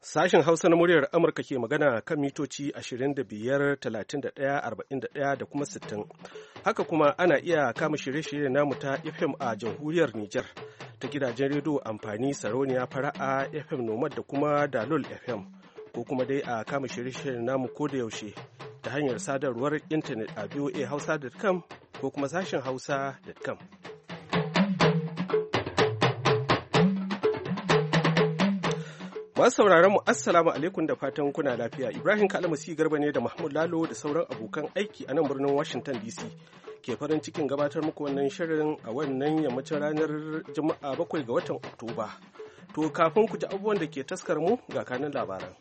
Sashen Hausa na muryar Amurka ke magana kan mitoci 25, 31, 41 da kuma 60. Haka kuma ana iya kama shirye-shirye namu ta FM a jamhuriyar Nijar ta gidajen rediyo amfani sarauniya fara'a FM Nomad da kuma Dalol FM. ko kuma dai a kama shirye-shiryen namu ko da yaushe ta hanyar sadarwar intanet a voahausa.com ko kuma sashen hausa.com. Masu sauraron mu assalamu alaikum da fatan kuna lafiya. Ibrahim Kalmasi Garba ne da Mahmud Lalo da sauran abokan aiki a nan birnin Washington DC. Ke farin cikin gabatar muku wannan shirin a wannan yammacin ranar Juma'a bakwai ga watan Oktoba. To kafin ku ji abubuwan da ke taskar mu ga kanin labaran.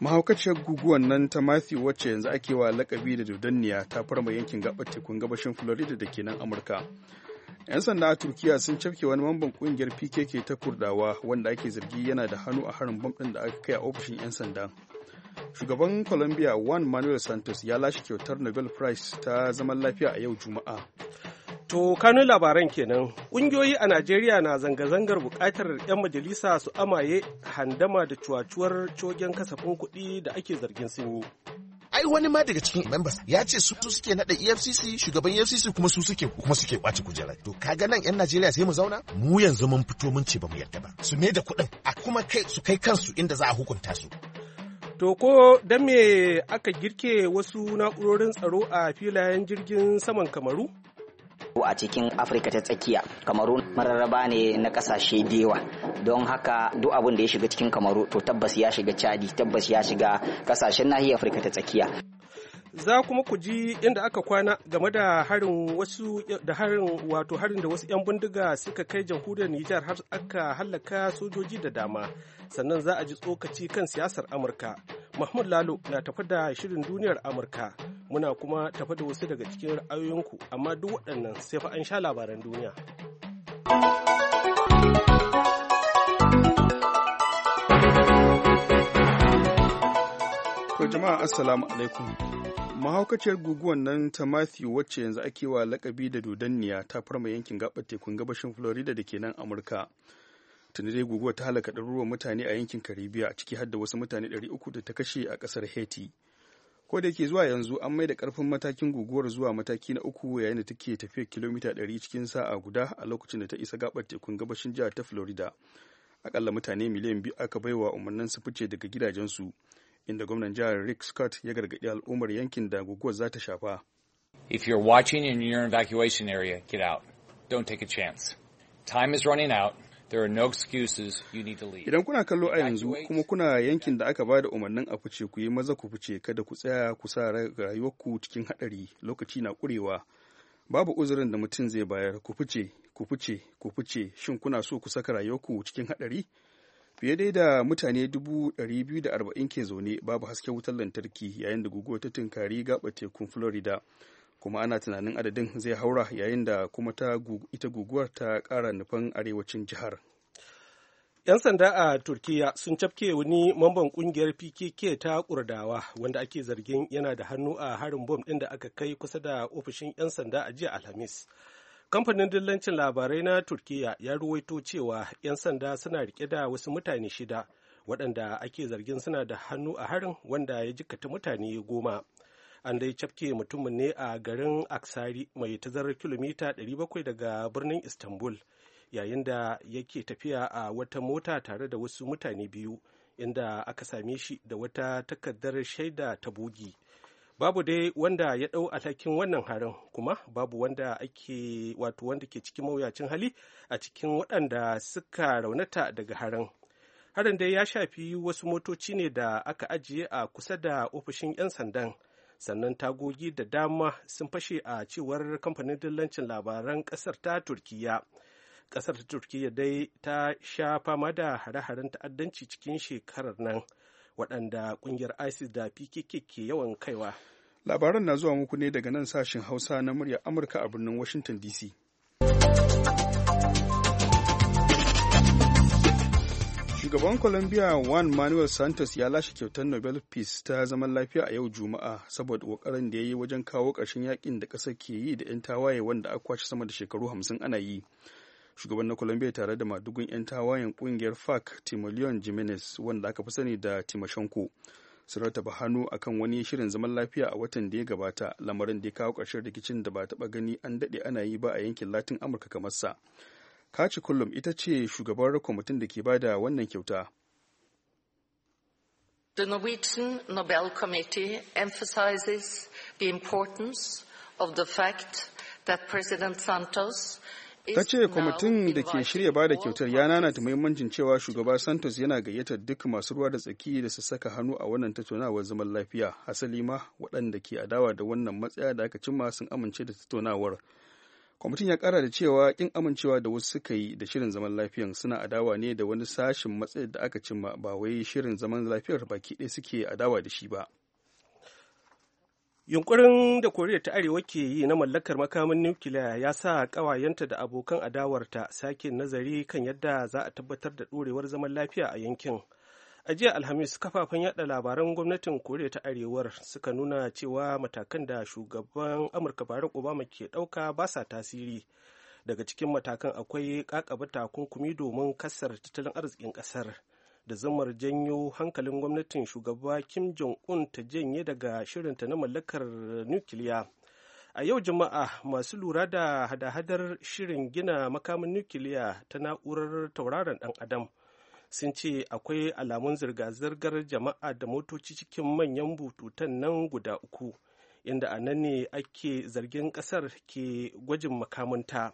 mahaukaciyar guguwan nan ta Matthew wacce yanzu ake wa lakabi da dodanniya ta farma yankin gabar tekun gabashin Florida da ke nan Amurka. 'Yan sanda a Turkiya sun cafke wani mamban kungiyar PKK ta Kurdawa wanda ake zargi yana da hannu a harin bam ɗin da aka kai a ofishin 'yan sanda. Shugaban Colombia Juan Manuel Santos ya lashe kyautar Nobel Prize ta zaman lafiya a yau Juma'a. To kanun labaran kenan ƙungiyoyi a Najeriya na zanga-zangar buƙatar 'yan majalisa su amaye handama da cuwacuwar cogen kasafin kuɗi da ake zargin sun yi. ai wani ma daga cikin members ya ce su suke nada EFCC shugaban EFCC kuma su suke kuma suke kwace kujerar to kaga nan yan Najeriya sai mu zauna mu yanzu mun fito mun ce ba mu yarda ba su me da kuɗin a kuma kai su kai kansu inda za a hukunta su To ko dan me aka girke wasu na'urorin tsaro a filayen jirgin saman Kamaru? a cikin afirka ta tsakiya kamaru mararraba ne na kasashe dewa don haka duk abin da ya shiga cikin kamaru to tabbas ya shiga chadi tabbas ya shiga kasashen nahiyar afirka ta tsakiya za kuma ku ji inda aka kwana game da harin wasu da harin wato harin da wasu 'yan bindiga suka kai jamhuriyar Nijar har aka hallaka sojoji da dama sannan za a ji tsokaci kan siyasar Amurka Mahmud Lalo na tafi da shirin duniyar Amurka muna kuma tafi da wasu daga cikin ra'ayoyinku amma duk waɗannan sai fa an sha labaran duniya To jama'a assalamu alaikum mahaukaciyar guguwar nan ta matthew wacce yanzu ake wa lakabi da dodanniya ta farma yankin gabar tekun gabashin florida da ke nan amurka tuni dai guguwar ta halaka ɗaruruwan mutane a yankin karibiya ciki har da wasu mutane 300 da ta kashe a ƙasar haiti ko da yake zuwa yanzu an mai da ƙarfin matakin guguwar zuwa mataki na uku yayin da take tafiya kilomita 100 cikin sa'a guda a lokacin da ta isa gabar tekun gabashin jihar ta florida akalla mutane miliyan biyu aka baiwa umarnin su fice daga gidajensu inda gwamnan jihar Rick Scott ya gargaɗi al'ummar yankin da guguwar za ta shafa. If you're watching in your evacuation area, get out. Don't take a chance. Time is running out. There are no excuses. You need to leave. Idan kuna kallo a yanzu kuma kuna yankin da aka bada umarnin a fice ku yi maza ku fice kada ku tsaya ku sa rayuwarku cikin hadari lokaci na kurewa. Babu uzurin da mutum zai bayar ku fice ku fice ku fice shin kuna so ku saka rayuwarku cikin hadari? fiye dai da mutane 240 ke zaune babu hasken wutar lantarki yayin da guguwar ta tunkari gaba tekun florida kuma ana tunanin adadin zai haura yayin da kuma ta ita guguwar ta kara nufan arewacin jihar 'Yan sanda a Turkiyya sun cafke wani mamban kungiyar PKK ta Kurdawa wanda ake zargin yana da hannu a harin bom ɗin da aka kai kusa da ofishin 'yan sanda a jiya Alhamis. kamfanin dillancin labarai na turkiya ya ruwaito cewa 'yan sanda suna rike da wasu mutane shida waɗanda ake zargin suna da hannu a harin wanda ya jikata mutane goma an dai cafke mutumin ne a garin aksari mai tazarar kilomita 700 daga birnin istanbul yayin da yake tafiya a wata mota tare da wasu mutane biyu inda aka same shi da wata takardar shaida ta bogi babu dai wanda ya ɗau alhakin wannan harin kuma babu wanda ake wato wanda ke cikin mawuyacin hali a cikin waɗanda suka raunata daga harin harin dai ya shafi wasu motoci ne da aka ajiye a kusa da ofishin 'yan sandan sannan tagogi da dama sun fashe a cewar kamfanin dillancin labaran ƙasar ta turkiya ƙasar ta turkiya dai ta sha fama da hare-haren ta'addanci cikin shekarar nan waɗanda ƙungiyar isis da pkk ke yawan kaiwa labaran na zuwa muku ne daga nan sashen hausa na murya amurka a birnin washington dc shugaban colombia juan manuel santos ya lashe kyautar nobel peace ta zaman lafiya a yau juma'a saboda kokarin da ya yi wajen kawo ƙarshen yakin da ƙasar ke yi da 'yan tawaye wanda aka kwashe sama da shekaru hamsin ana yi shugaban na colombia tare da madugun 'yan tawayen kungiyar fac timoleon jimenez wanda aka fi sani da timoshenko sun rataba hannu akan wani shirin zaman lafiya a watan da ya gabata lamarin da ya kawo ƙarshen rikicin da ba taɓa gani an daɗe ana yi ba a yankin latin amurka kamar sa kaci kullum ita ce shugabar kwamitin da ke bada wannan kyauta The Norwegian Nobel Committee emphasizes the importance of the fact that President Santos ta ce kwamitin da ke shirya ba da kyautar ya nanata muhimmancin cewa shugaba santos yana gayyatar duk masu ruwa da tsaki da su saka hannu a wannan tattaunawar zaman lafiya asali ma waɗanda ke adawa da wannan matsaya da aka cimma sun amince da tattaunawar kwamitin ya kara da cewa kin amincewa da wasu suka yi da shirin zaman lafiyan suna adawa ne da wani sashin matsayar da aka cimma ba wai shirin zaman lafiyar baki ɗaya suke adawa da shi ba Yunkurin da Koriya ta Arewa ke yi na mallakar makamin nukiliya ya sa kawayenta da abokan adawarta sake nazari kan yadda za a tabbatar da ɗorewar zaman lafiya a yankin. A jiya Alhamis, kafafen yada labaran gwamnatin Koriya ta Arewar suka nuna cewa matakan da shugaban Amurka Barack Obama ke ɗauka ba sa tasiri. Daga cikin matakan akwai kakaba takunkumi domin kasar tattalin arzikin ƙasar. da zumar janyo hankalin gwamnatin shugaba kim jong-un ta janye daga shirinta na mallakar nukiliya a yau jama'a masu lura da hada-hadar shirin gina makamin nukiliya ta na'urar tauraron ɗan adam sun ce akwai alamun zirga-zirgar jama'a da motoci cikin manyan bututan nan guda uku inda a nan ne ake zargin ƙasar ke gwajin makamunta,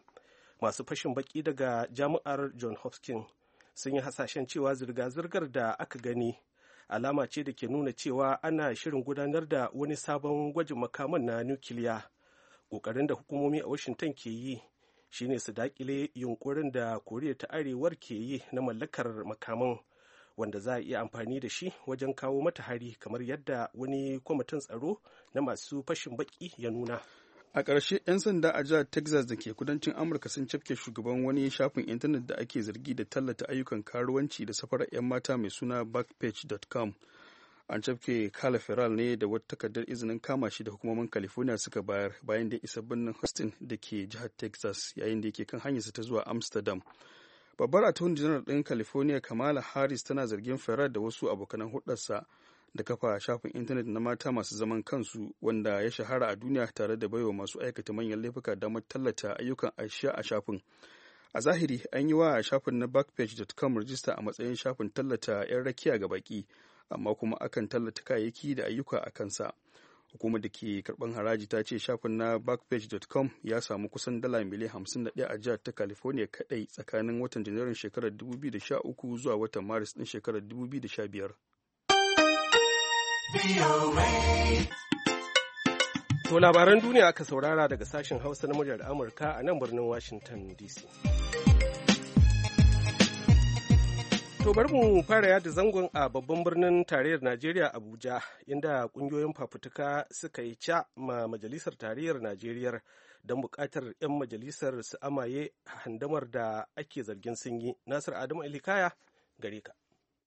masu fashin baki daga jami'ar john hopkins sun yi hasashen cewa zirga-zirgar da aka gani alama ce da ke nuna cewa ana shirin gudanar da wani sabon gwajin makaman na nukiliya ƙoƙarin da hukumomi a washington ke yi shine su dakile yunkurin da koriya ta arewar ke yi na mallakar makaman wanda za a iya amfani da shi wajen kawo mata hari kamar yadda wani kwamitin tsaro na masu fashin baki ya nuna a ƙarshe 'yan sanda a jihar texas da ke kudancin amurka sun cafke shugaban wani shafin intanet da ake zargi da tallata ayyukan karuwanci da safarar 'yan mata mai suna backpage.com an cafke kala feral ne da wata takardar izinin kama shi da hukumomin california suka bayar bayan da isa birnin houston da ke jihar texas yayin da yake kan hanyarsa ta zuwa amsterdam babbar attorney general ɗin california kamala harris tana zargin feral da wasu abokanan hudarsa da kafa shafin intanet na mata masu zaman kansu wanda ya shahara a duniya tare da baiwa masu aikata manyan laifuka damar tallata ayyukan ashiya a shafin a zahiri an yi wa shafin na backpage.com rajista a matsayin shafin tallata 'yan rakiya ga baki amma kuma akan tallata kayayyaki da ayyuka a kansa hukumar da ke karban haraji ta ce shafin na backpage.com ya samu kusan dala miliyan 51 a jihar ta california kadai tsakanin watan janairun shekarar 2013 zuwa watan maris din shekarar 2015 To labaran duniya aka saurara daga sashen Hausa na muryar Amurka a nan birnin Washington DC. To bari mu fara yada zangon a babban birnin tarayyar Najeriya Abuja inda kungiyoyin fafutuka suka yi ca ma majalisar tarayyar Najeriya don bukatar 'yan majalisar su amaye handamar da ake zargin sun yi. Nasir Adamu Ilikaya gare ka.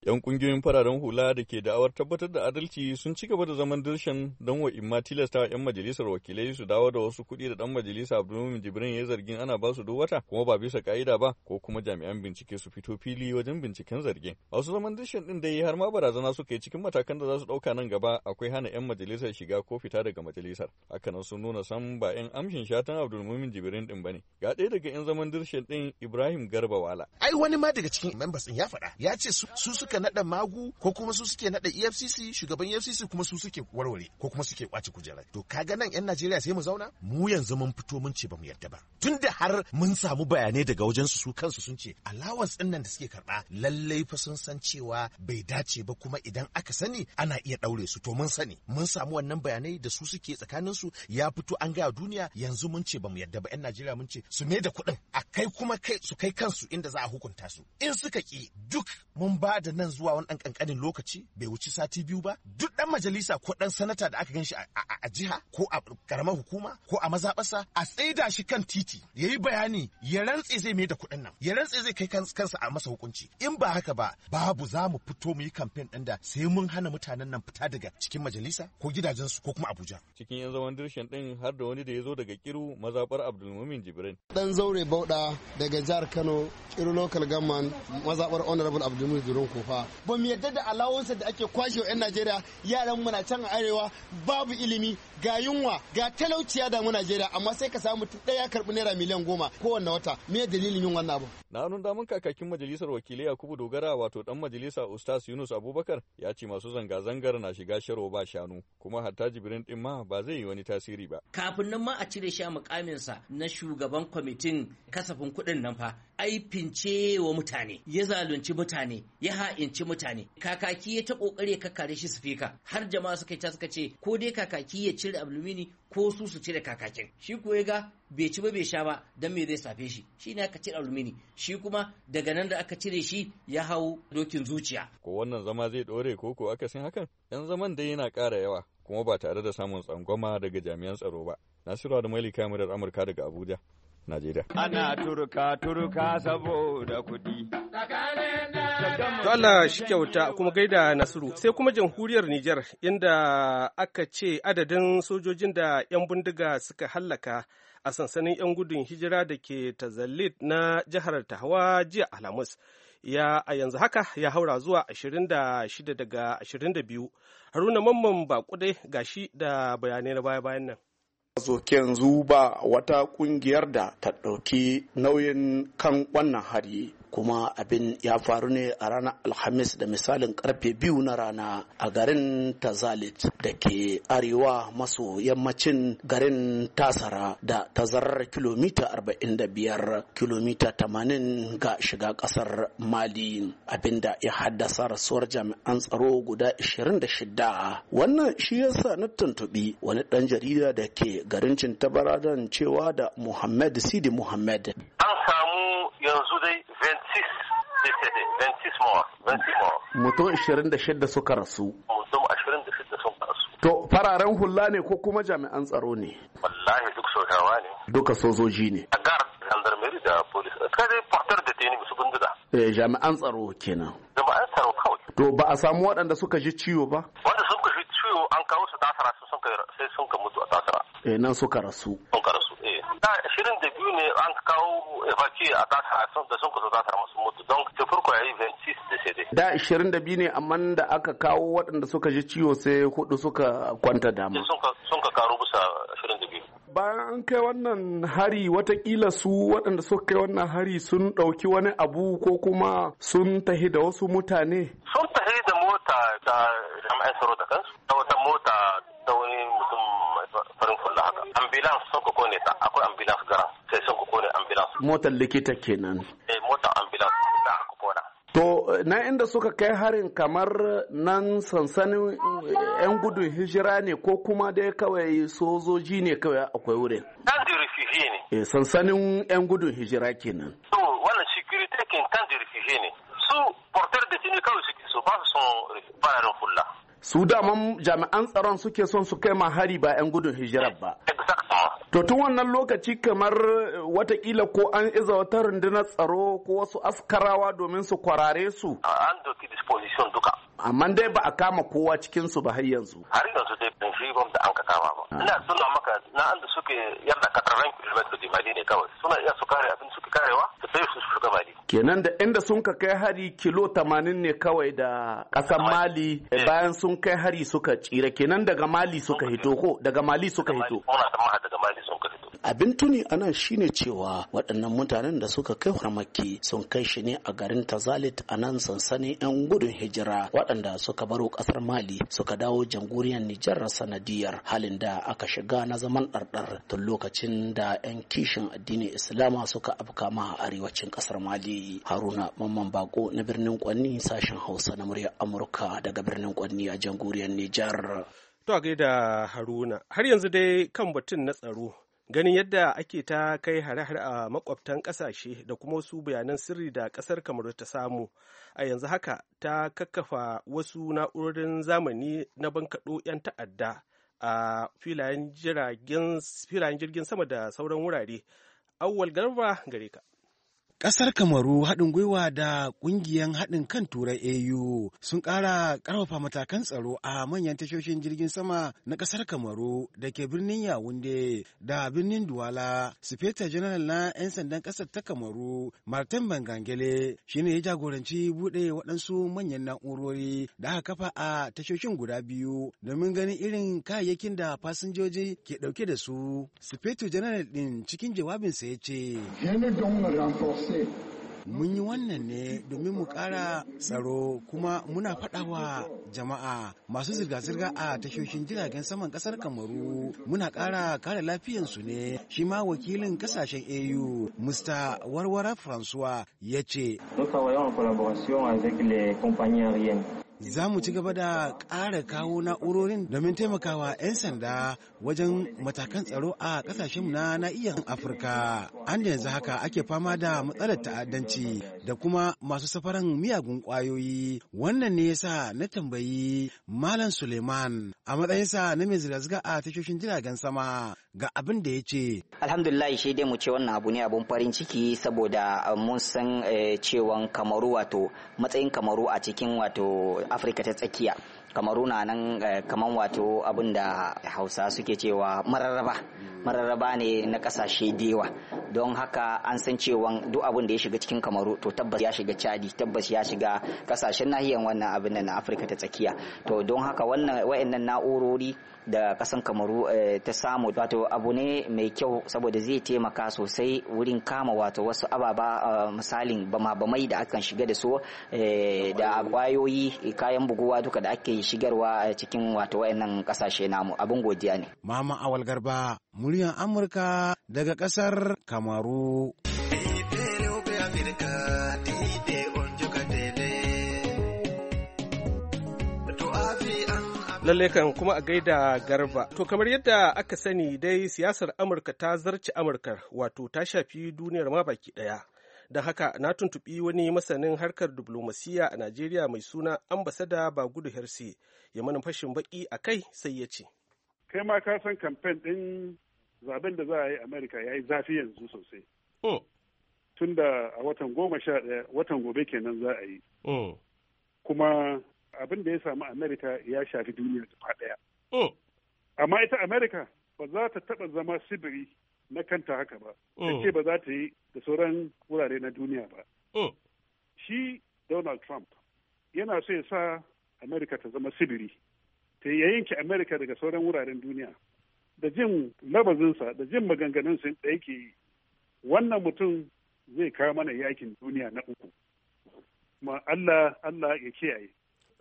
'Yan kungiyoyin fararen hula da ke da'awar tabbatar da adalci sun ci gaba da zaman dirshan don wa imma tilasta 'yan majalisar wakilai su dawo da wasu kuɗi da ɗan majalisa Abdulmumin Jibrin ya zargin ana ba su duk wata kuma ba bisa ka'ida ba ko kuma jami'an bincike su fito fili wajen binciken zargin. Wasu zaman dirshan ɗin dai har ma barazana suka yi cikin matakan da za su ɗauka nan gaba akwai hana 'yan majalisar shiga ko fita daga majalisar. Hakanan sun nuna san ba 'yan amshin shatan Abdulmumin Jibrin ɗin ba ne. Ga ɗaya daga 'yan zaman dirshan ɗin Ibrahim Garba Wala. Ai wani ma daga cikin members ɗin ya faɗa ya ce su su suka naɗa magu ko kuma su suke naɗa efcc shugaban efcc kuma su suke warware ko kuma suke kwace kujerar to kaga nan yan najeriya sai mu zauna mu yanzu mun fito mun ce ba mu yarda ba tunda har mun samu bayanai daga wajen su su kansu sun ce allowance din nan da suke karba lallai fa sun san cewa bai dace ba kuma idan aka sani ana iya daure su to mun sani mun samu wannan bayanai da su suke tsakanin su ya fito an gaya duniya yanzu mun ce ba mu yarda ba yan najeriya mun ce su ne da kuɗin a kai kuma kai su kai kansu inda za a hukunta su in suka ki duk mun ba da nan zuwa wani ɗan ƙanƙanin lokaci bai wuci sati biyu ba duk dan majalisa ko dan sanata da aka ganshi a jiha ko a karamar hukuma ko a mazaɓarsa a tsaida shi kan titi ya yi bayani ya rantse zai mai da kuɗin nan ya rantse zai kai kansa a masa hukunci in ba haka ba babu za mu fito mu yi kamfen ɗin da sai mun hana mutanen nan fita daga cikin majalisa ko gidajensu ko kuma Abuja. Cikin yan zaman dirshan ɗin har da wani da ya zo daga Kiru mazaɓar Abdulmumin Jibrin. Dan zaure bauɗa daga jihar Kano Kiru Local Government mazaɓar Honorable Abdulmumin Jibrin Kofa. fa ba mu yarda da alawunsa da ake kwashe wa yan Najeriya yaran muna na can arewa babu ilimi ga yunwa ga talauciya da mu Najeriya amma sai ka samu ɗaya karɓi naira miliyan goma kowanne wata me dalilin yin wannan abu. Na nun damun kakakin majalisar wakilai Yakubu Dogara wato dan majalisa Ustaz Yunus Abubakar ya ce masu zanga-zangar na shiga sharo ba shanu kuma hatta jibirin din ma ba zai yi wani tasiri ba. Kafin nan ma a cire shi a mukaminsa na shugaban kwamitin kasafin kuɗin nan fa ai fince wa mutane ya zalunci mutane ya ha'i ha'inci mutane kakaki ya ta kokari ka kare shi sifika har jama'a suka ta suka ce ko dai kakaki ya cire alumini ko su su cire kakakin shi ko ya ga bai ci ba bai sha ba dan me zai safe shi shi ne aka cire alumini shi kuma daga nan da aka cire shi ya hau dokin zuciya ko wannan zama zai dore ko ko san hakan yan zaman dai yana ƙara yawa kuma ba tare da samun tsangwama daga jami'an tsaro ba nasiru da maili kamarar amurka daga abuja Najeriya. Ana turka turka saboda kuɗi. To Allah shi kyauta kuma gaida Nasiru. Sai kuma jamhuriyar Nijar inda aka ce adadin sojojin da 'yan bindiga suka hallaka a sansanin 'yan gudun hijira da ke Tazallit na jihar Tahawa jiya Alhamis. Ya a yanzu haka ya haura zuwa 26 daga 22. Haruna Mamman Bakudai gashi da bayanai na baya-bayan nan. soke yanzu ba wata kungiyar da ta ɗauki nauyin kan wannan hari kuma abin ya faru ne a ranar alhamis da misalin karfe biyu na rana a garin tazalit da ke arewa maso yammacin garin tasara da tazarar kilomita 45 kilomita 80 ga shiga kasar mali abinda ya haddasa rasuwar jami'an tsaro guda 26 wannan shi yasa na tuntubi wani dan jarida da ke garin cintabaradan cewa da muhammad sidi muhammad yanzu dai 26 decade 26 mawa 26 mawa mutum 26 suka rasu mutum 26 suka rasu to fararen hula ne ko kuma jami'an tsaro ne wallahi duk sojawa ne duka sojoji ne a gar gendarmerie da police sai dai portar da teni musu bindiga eh jami'an tsaro kenan jami'an tsaro kawai to ba a samu waɗanda suka ji ciwo ba wanda suka ji ciwo an kawo su tasara sai sun ka mutu a tasara eh nan suka rasu suka rasu da ashirin da biyu ne an kawo evaki a kasa da sun kusa za masu mutu don ta farko ya yi 26 da sai da ashirin da biyu ne amma da aka kawo waɗanda suka ji ciwo sai hudu suka kwanta dama sun ka karu bisa ashirin da biyu bayan an kai wannan hari watakila su waɗanda suka kai wannan hari sun ɗauki wani abu ko kuma sun tahi da wasu mutane sun tahi da mota da jami'an tsaro da kansu ta wata mota ta wani mutum farin ambulance sun ku kone ta akwai ambulance gara sai sun ku kone ambulance motar likita kenan eh motar ambulance da ku kona To na inda suka kai harin kamar nan sansanin eh, 'yan gudun hijira ne ko kuma dai kawai sojoji ne kawai akwai wurin? Kan da refugee ne. Eh sansanin 'yan gudun hijira kenan. To wannan security kin kan da refugee ne. Su porter da tini kawai suke so ba su son fararen fulla. Su daman jami'an tsaron suke son su kai ma hari ba 'yan gudun hijira ba. To tun wannan lokaci kamar eh, watakila ko an iza wata rundunar tsaro ko wasu askarawa domin su kwarare su. An doki disposition duka. amma dai ba a kama kowa cikin su ba har yanzu har yanzu dai ban bom da an ka kama ba ah. ina suna maka na an da suke yarda katarran kilomita da mali ne kawai suna iya su kare abin suke karewa su sai su shiga mali kenan da inda sun ka kai hari kilo 80 ne kawai da kasan mali eh. bayan sun kai hari suka tsira kenan daga mali suka hito ko daga mali suka hito da daga mali suka hito abin tuni ana shine cewa waɗannan mutanen da suka kai farmaki sun kai shi ne a garin tazalit a nan sansanin 'yan gudun hijira waɗanda suka baro ƙasar mali suka dawo jamhuriyar nijar sanadiyar halin da aka shiga na zaman ɗarɗar tun lokacin da 'yan kishin addinin islama suka afka ma a arewacin ƙasar mali haruna mamman bako na birnin kwanni sashen hausa na muryar amurka daga birnin kwanni a jamhuriyar nijar To a gaida Haruna, har yanzu dai kan batun na tsaro ganin yadda ake ta kai hare-hare a makwabtan kasashe da kuma wasu bayanan sirri da kasar kamaru ta samu a yanzu haka ta kakkafa wasu na'urorin zamani na bankaɗo 'yan ta'adda a filayen jirgin sama da sauran wurare awwal garba gare ka Ƙasar Kamaru haɗin gwiwa da ƙungiyar haɗin kan Turai AU sun ƙara ƙarfafa matakan tsaro a manyan tashoshin jirgin sama na ƙasar Kamaru da ke birnin Yawunde da birnin Duwala. Sufeta General na 'yan sandan ƙasar ta Kamaru Martin Bangangele shine ne ya jagoranci buɗe waɗansu manyan na'urori da aka kafa a tashoshin guda biyu domin ganin irin kayayyakin da fasinjoji ke ɗauke da su. Sifeto General ɗin cikin jawabinsa ya ce. Mun yi wannan ne domin mu ƙara tsaro kuma muna faɗawa jama'a masu zirga-zirga a tashoshin jiragen saman ƙasar Kamaru muna ƙara kare lafiyansu ne shi ma wakilin ƙasashen AU Mr. Warwara François ya ce. za mu ci gaba da ƙara kawo na'urorin domin taimakawa 'yan sanda wajen matakan tsaro a ƙasashenmu na na'iyyar afirka an yanzu haka ake fama da matsalar ta'addanci da kuma masu safaran miyagun kwayoyi wannan ne yasa na tambayi malam suleiman a matsayinsa na mai zirga-zirga a tashoshin jiragen sama ga abin da ya ce alhamdulillah shi dai mu ce wannan abu ne abun farin ciki saboda eh, mun san eh, cewan kamaru wato matsayin kamaru a cikin wato afirka ta tsakiya kamaru na nan eh, kaman wato abin da hausa suke cewa mararraba mararraba ne na kasashe da yawa don haka an san cewa duk abin da ya shiga cikin kamaru to tabbas ya shiga chadi tabbas ya shiga kasashen nahiyan wannan abin na afirka ta tsakiya to don haka wannan wayannan na'urori da kasan kamaru eh, ta samu wato abu ne mai kyau saboda zai taimaka sosai wurin kama wato wasu ababa eh, misalin bama-bamai da akan shiga da su eh, da kwayoyi kayan buguwa duka da ake shigarwa cikin wato wayannan kasashe namu abin godiya ne mama awal garba muryar Amurka daga ƙasar Kamaru. Lalle kan kuma a gaida garba. To kamar yadda aka sani dai siyasar Amurka ta zarci Amurkar wato ta shafi duniyar ma baki ɗaya. Don haka na tuntuɓi wani masanin harkar diplomasiya a Najeriya mai suna ambasada ba gudu Herse. ya mana fashin baki a kai sai ya ce. Kai ma ka san kamfen ɗin zaben da za a yi amerika ya yi zafi yanzu sosai oh. tun da a watan goma sha ɗaya watan gobe kenan za a yi oh. kuma abin da ya samu amerika ya shafi duniya gaba ɗaya oh. amma ita amerika ba za ta taɓa zama sibiri na kanta haka ba ce ba za ta yi da sauran wurare na duniya ba shi donald trump yana so ya sa amerika ta zama sibiri ta yanke amerika daga sauran wuraren duniya da jin labazinsa da jin maganganunsa da yake yi wannan mutum zai kawo mana yakin duniya na uku ma Allah Allah ya kiyaye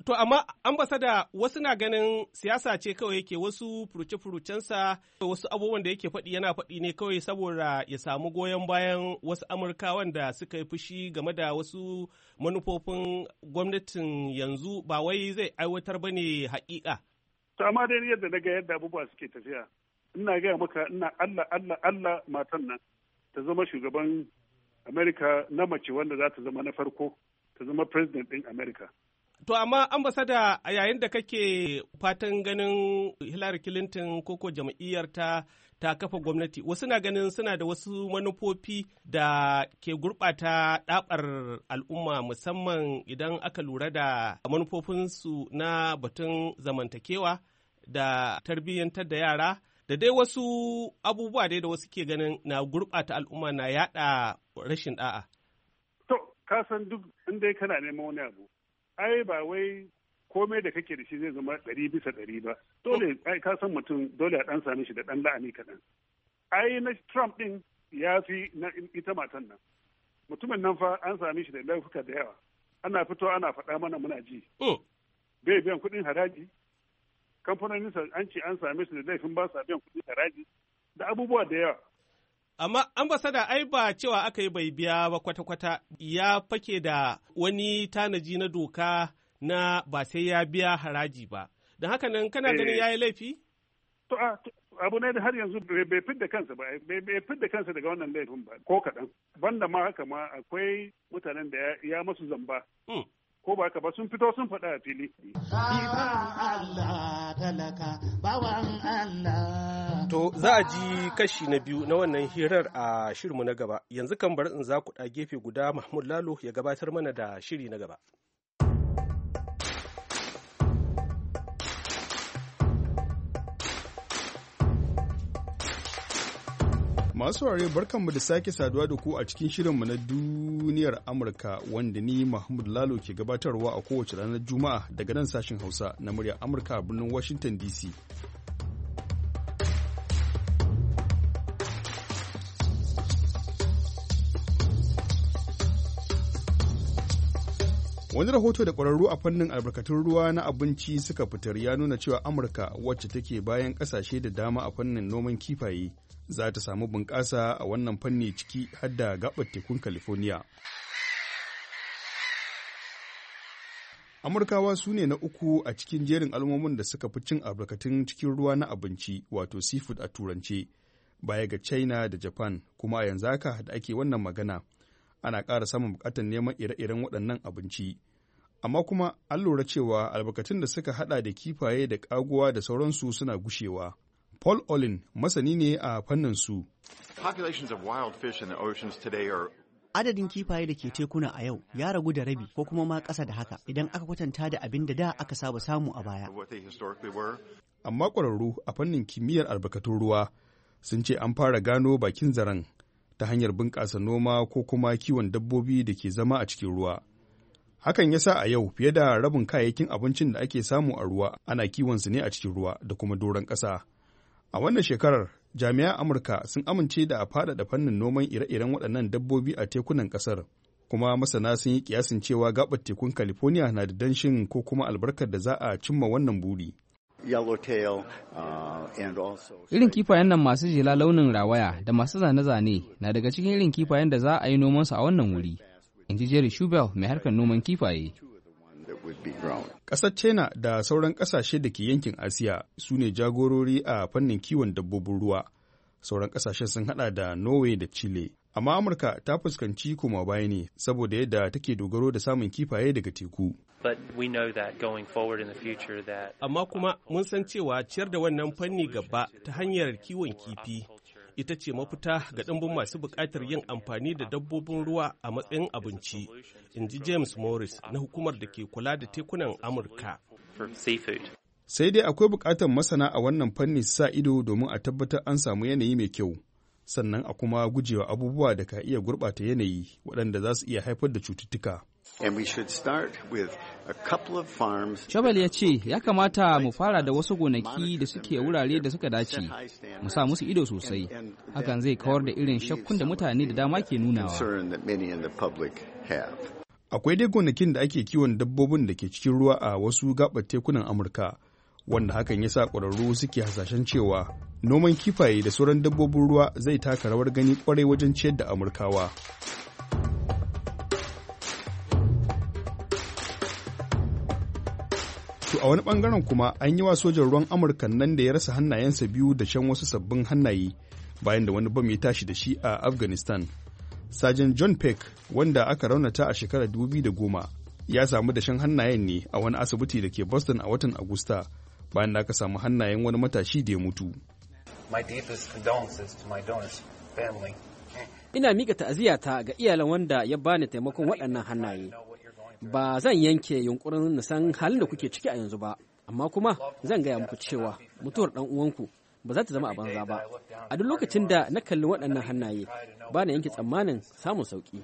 to amma ambasada wasu na ganin siyasa ce kawai yake wasu furuce-furucensa wasu abubuwan da yake faɗi yana faɗi ne kawai saboda ya samu goyon bayan wasu amurkawan da suka yi fushi game da wasu manufofin gwamnatin yanzu ba wai zai aiwatar ba ne haƙiƙa. to amma dai yadda na ga yadda abubuwa suke tafiya ina gaya maka ina Allah Allah Allah matan nan ta zama shugaban Amerika na mace wanda za ta zama na farko ta zama president ɗin Amerika. To amma ambasada a yayin da kake fatan ganin Hillary Clinton koko jam'iyyarta ta kafa gwamnati wasu na ganin suna da wasu manufofi da ke gurɓata ɗabar al'umma musamman idan aka lura da manufofinsu na batun zamantakewa da tarbiyyantar da yara da dai wasu abubuwa dai da wasu ke ganin na gurɓata al'umma na yaɗa rashin ɗa'a. To, ka san duk in dai kana neman wani abu, ai ba wai komai da kake da shi zai zama ɗari bisa ɗari ba. Dole, ai ka san mutum dole a ɗan sami shi da ɗan la'ani kaɗan. Ai na Trump ɗin ya fi na ita matan nan. Mutumin nan fa an sami shi da laifuka da yawa. Ana fito ana faɗa mana muna ji. Hmm. Bai biyan kuɗin haraji, kamfanonin an ce an same su da laifin ba sa biyan kuɗi haraji da abubuwa da yawa. Amma ambasada ai ba cewa aka yi bai biya ba kwata-kwata ya fake da wani tanaji na doka na ba sai ya biya haraji ba. Don haka nan kana ganin eh. ya yi laifi? To a abu ne da har yanzu bai fidda kansa ba bai fidda kansa daga wannan laifin ba ko kaɗan. Banda ma haka ma akwai mutanen da ya masu zamba. Hmm. ko ba ka ba sun fito sun faɗa a fili. To za a ji kashi na biyu na wannan hirar a shirinmu na gaba yanzu kan bar in za ku ɗa gefe guda Mahmud Lalo ya gabatar mana da shiri na gaba. Masu ware barkanmu da sake saduwa da ku a cikin shirinmu na duniyar Amurka wanda ni Mahmud Lalo ke gabatarwa a kowace ranar Juma'a daga nan sashen Hausa na muryar Amurka a birnin Washington DC. Wani rahoto da ƙwararru a fannin albarkatun ruwa na abinci suka fitar ya nuna cewa Amurka wacce take bayan ƙasashe da dama a fannin noman kifaye. za ta samu bunƙasa a wannan fanni ciki har da gabar tekun california amurkawa su ne na uku a cikin jerin al'ummomin da suka fi cin albarkatun cikin ruwa na abinci wato seafood a turance baya ga china da japan kuma a yanzu haka da ake wannan magana ana ƙara samun buƙatar neman ire-iren waɗannan abinci amma kuma an lura cewa albarkatun da suka hada da kifaye da kaguwa da sauransu suna gushewa Paul Olin masani ne a fannin su. Adadin kifaye da ke tekuna a yau ya ragu da rabi ko kuma ma ƙasa da haka idan aka kwatanta da abin da da aka saba samu a baya. Amma ƙwararru a fannin kimiyyar albarkatun ruwa sun ce an fara gano bakin zaren ta hanyar bunƙasa noma ko kuma kiwon dabbobi da ke zama a cikin ruwa. Hakan ya sa a yau fiye da rabin kayayyakin abincin da ake samu a ruwa ana kiwon su ne a cikin ruwa da kuma doron ƙasa. A wannan shekarar, jami'an Amurka sun amince da a faɗaɗa fannin noman ire-iren waɗannan dabbobi a tekunan ƙasar, kuma masana sun yi kiyasin cewa gaɓar tekun California na da danshin ko kuma albarkar da za a cimma wannan buri. Uh, irin kifayen nan masu jela launin rawaya da masu zane-zane na daga cikin irin kifayen da za a yi nomansu a wannan wuri, in ji Jerry Shubel mai harkar noman kifaye. Ƙasar China da sauran ƙasashe da ke yankin Asiya su ne jagorori a fannin kiwon dabbobin ruwa. Sauran ƙasashen sun haɗa da Norway da Chile. Amma Amurka ta fuskanci koma baya ne saboda yadda take dogaro da samun kifaye daga teku. Amma kuma mun san cewa ciyar da wannan fanni gaba ta hanyar kiwon kifi ita ce mafita ga ɗimbin masu buƙatar yin amfani da dabbobin ruwa a matsayin abinci, in ji James Morris na hukumar da ke kula da tekunan Amurka. Sai dai akwai buƙatar masana a wannan fanni sa ido domin a tabbatar an samu yanayi mai kyau, sannan a kuma gujewa abubuwa da ka iya gurɓata yanayi waɗanda za su iya haifar da cututtuka. Chobal ya ce ya kamata mu fara da wasu gonaki da suke wurare da suka dace, mu sa musu ido sosai, hakan zai kawar da irin shakkun da mutane da dama ke nunawa. Akwai dai gonakin da ake kiwon dabbobin da ke cikin ruwa a wasu gaɓar tekunan Amurka, wanda hakan ya sa ƙwararru suke hasashen cewa noman kifaye da sauran dabbobin ruwa zai taka rawar gani kwarai wajen ciyar da Amurkawa. a wani bangaren kuma an yi wa sojan ruwan amurka nan da ya rasa hannayensa biyu da shan wasu sabbin hannaye bayan da wani bam ya tashi da shi a afghanistan sajan john peck wanda aka raunata a shekarar 2010 ya samu dashen hannayen ne a wani asibiti da ke boston a watan agusta bayan da aka samu hannayen wani matashi da ya mutu ina miƙa ta'aziyata ga iyalan wanda ya bani taimakon waɗannan hannaye ba zan yanke yunkurin na san halin da kuke ciki a yanzu ba amma kuma zan gaya muku cewa mutuwar dan uwanku ba za ta zama a banza ba a duk lokacin da na kalli waɗannan hannaye ba na yanke tsammanin samun sauki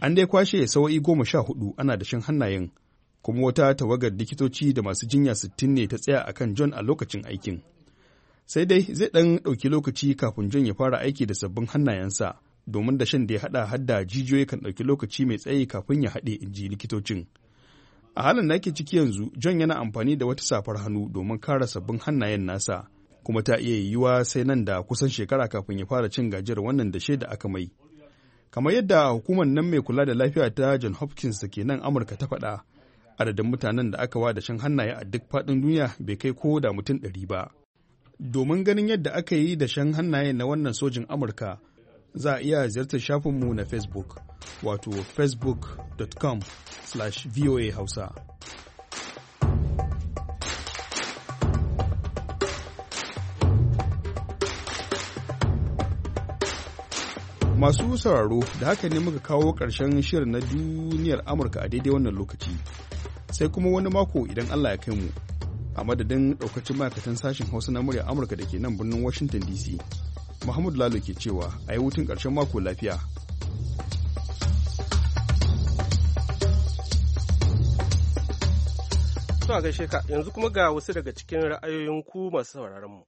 an dai kwashe sawa'i goma sha hudu ana da shin hannayen kuma wata tawagar likitoci da masu jinya sittin ne ta tsaya akan john a lokacin aikin sai dai zai ɗan ɗauki lokaci kafin john ya fara aiki da sabbin hannayensa domin dashen da ya haɗa hadda jijiyoyi kan ɗauki lokaci mai tsayi kafin ya haɗe in ji likitocin a halin da ake ciki yanzu john yana amfani da wata safar hannu domin kara sabbin hannayen nasa kuma ta iya yiwuwa sai nan da kusan shekara kafin ya fara cin gajiyar wannan dashe da aka mai kamar yadda hukumar nan mai kula da lafiya ta john hopkins da ke nan amurka ta faɗa adadin mutanen da aka wada shan hannaye a duk faɗin duniya bai kai ko da mutum ɗari ba domin ganin yadda aka yi da shan hannaye na wannan sojin amurka za a iya ziyartar shafinmu na facebook wato facebook.com slash voa hausa masu sauraro da haka ne muka kawo ƙarshen shirin na duniyar amurka a daidai wannan lokaci sai kuma wani mako idan allah ya kai mu a madadin ɗaukacin ma'aikatan sashen hausa na murya amurka da ke nan birnin washington dc Muhammadu Lalo ke cewa a yi hutun ƙarshen mako lafiya. Suna gaishe ka yanzu kuma ga wasu daga cikin ra'ayoyin ku masu sauraron mu.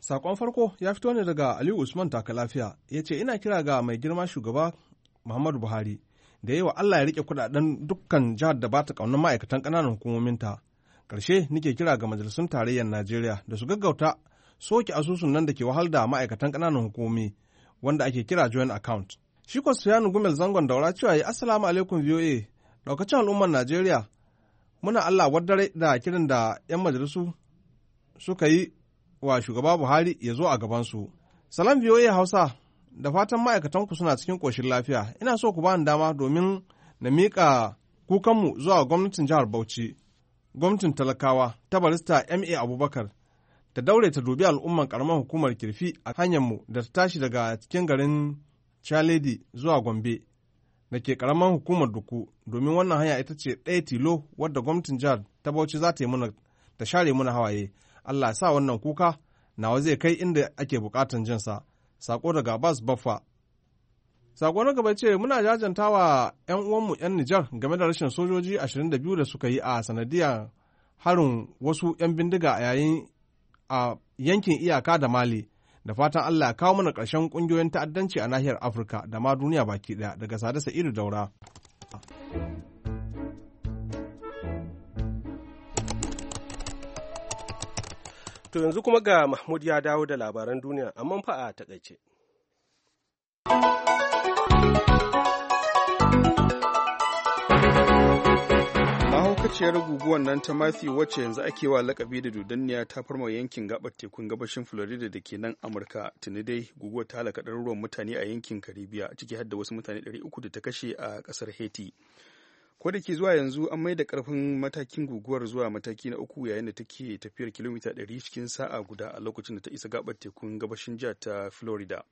Sakon farko ya fito ne daga Aliyu Usman taka lafiya ya ce ina kira ga mai girma shugaba Muhammadu Buhari da yi wa Allah ya riƙe kudaden dukkan jihar da ba ta ƙaunar ma'aikatan ƙananan hukumominta Ƙarshe nike kira ga majalisun tarayyar Najeriya da su gaggauta soke asusun nan da ke wahal da ma'aikatan ƙananan hukumi wanda ake kira joint account. Shi ko Suyanu Gumel zangon daura cewa yi Assalamu alaikum VOA ɗaukacin al'ummar Najeriya muna Allah wadare da kiran da 'yan majalisu suka yi wa shugaba Buhari ya zo a gabansu. Salam VOA Hausa da fatan ku suna cikin ƙoshin lafiya ina so ku bani dama domin na miƙa kukanmu zuwa gwamnatin jihar Bauchi gwamnatin talakawa ta barista ma abubakar ta daure ta dubi al'umman karamar hukumar kirfi a hanyarmu da ta tashi daga cikin garin chaledi zuwa gombe da ke karamar hukumar duku domin wannan hanya ita ce ɗaya tilo wadda gwamnatin jihar ta bauchi za ta yi muna ta share muna hawaye allah ya sa wannan kuka nawa zai kai inda ake bukatan jinsa sako daga bas baffa Sako na gaba ce muna jajanta wa 'yan uwanmu 'yan Nijar game da rashin sojoji 22 da suka yi a sanadiyar harin wasu 'yan bindiga a yayin a yankin iyaka da Mali. Da fatan Allah kawo mana ƙarshen ƙungiyoyin ta'addanci a nahiyar Afirka da ma duniya baki ɗaya daga Sade Sa'idu Daura. To yanzu kuma ga Mahmud ya dawo da labaran duniya amma fa a takaice. mahaukaciyar guguwar nan ta Matthew wacce yanzu ake wa lakabi da dudanniya ta farma yankin gabar tekun gabashin Florida da ke nan Amurka tuni dai guguwar ta halaka ɗaruruwan mutane a yankin Karibiya ciki har da wasu mutane 300 da ta kashe a kasar Haiti. Ko da ke zuwa yanzu an mai da karfin matakin guguwar zuwa mataki na uku yayin da take tafiyar kilomita 100 cikin sa'a guda a lokacin da ta isa gabar tekun gabashin jihar ta Florida.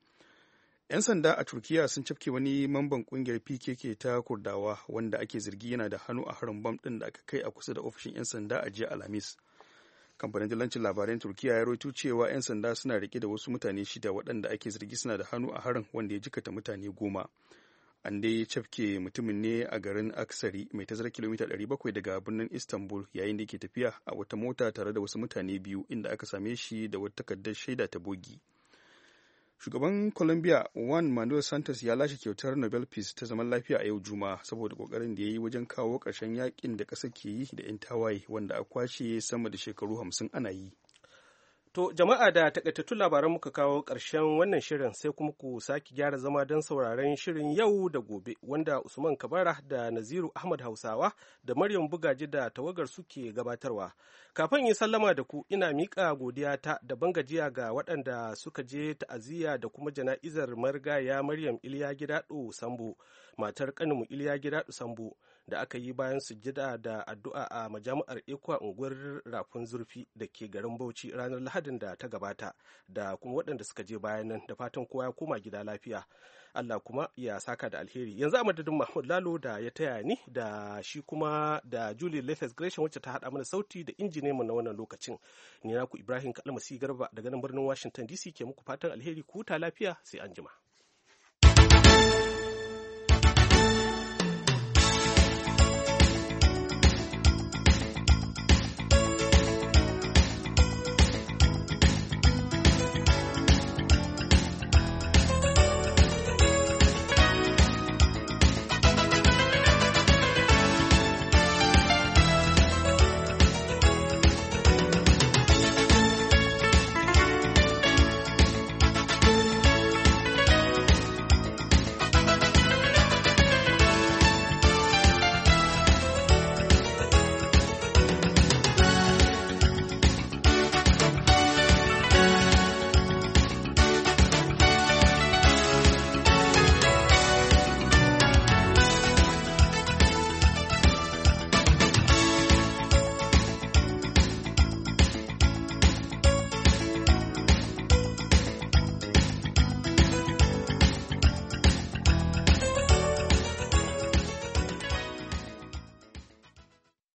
'Yan sanda a Turkiya sun cafke wani mamban kungiyar PKK ta Kurdawa wanda ake zargi yana da hannu a harin bam din da aka kai a kusa da ofishin 'yan sanda a jiya Alhamis. Kamfanin dalancin labaran Turkiya ya roito cewa 'yan sanda suna rike da wasu mutane shida waɗanda ake zargi suna da hannu a harin wanda ya jikata mutane goma. An dai cafke mutumin ne a garin Aksari mai tazara kilomita 700 daga birnin Istanbul yayin da yake tafiya a wata mota tare da wasu mutane biyu inda aka same shi da wata takardar shaida ta bogi. shugaban colombia juan manuel santos ya lashe kyautar nobel peace ta zaman lafiya a yau juma saboda kokarin da ya yi wajen kawo ƙarshen yakin da ƙasa ke yi da 'yan tawaye wanda a kwashe sama da shekaru hamsin ana yi To jama'a da takaitattu labaran muka kawo ƙarshen wannan shirin sai kuma ku sake gyara zama don sauraren shirin yau da gobe wanda Usman Kabara da Naziru Ahmad Hausawa da Maryam Bugaji da tawagar suke gabatarwa. Kafin yi sallama da ku ina miƙa godiya ta da bangajiya ga waɗanda suka je ta'aziyya da kuma jana'izar marigaya Maryam Iliya Gidaɗo Sambo matar ƙaninmu Iliya Gidaɗo Sambo. da aka yi bayan sujjada da addu'a a majami'ar ikwa unguwar rafin zurfi da ke garin bauchi ranar lahadin da ta gabata da kuma waɗanda suka je bayan nan da fatan kowa ya koma gida lafiya allah kuma ya saka da alheri yanzu a madadin mahmud lalo da ya taya ni da shi kuma da julie lefes gresham wacce ta haɗa mana sauti da mu na wannan lokacin ni naku ibrahim si garba daga nan birnin washington dc ke muku fatan alheri ku huta lafiya sai anjima.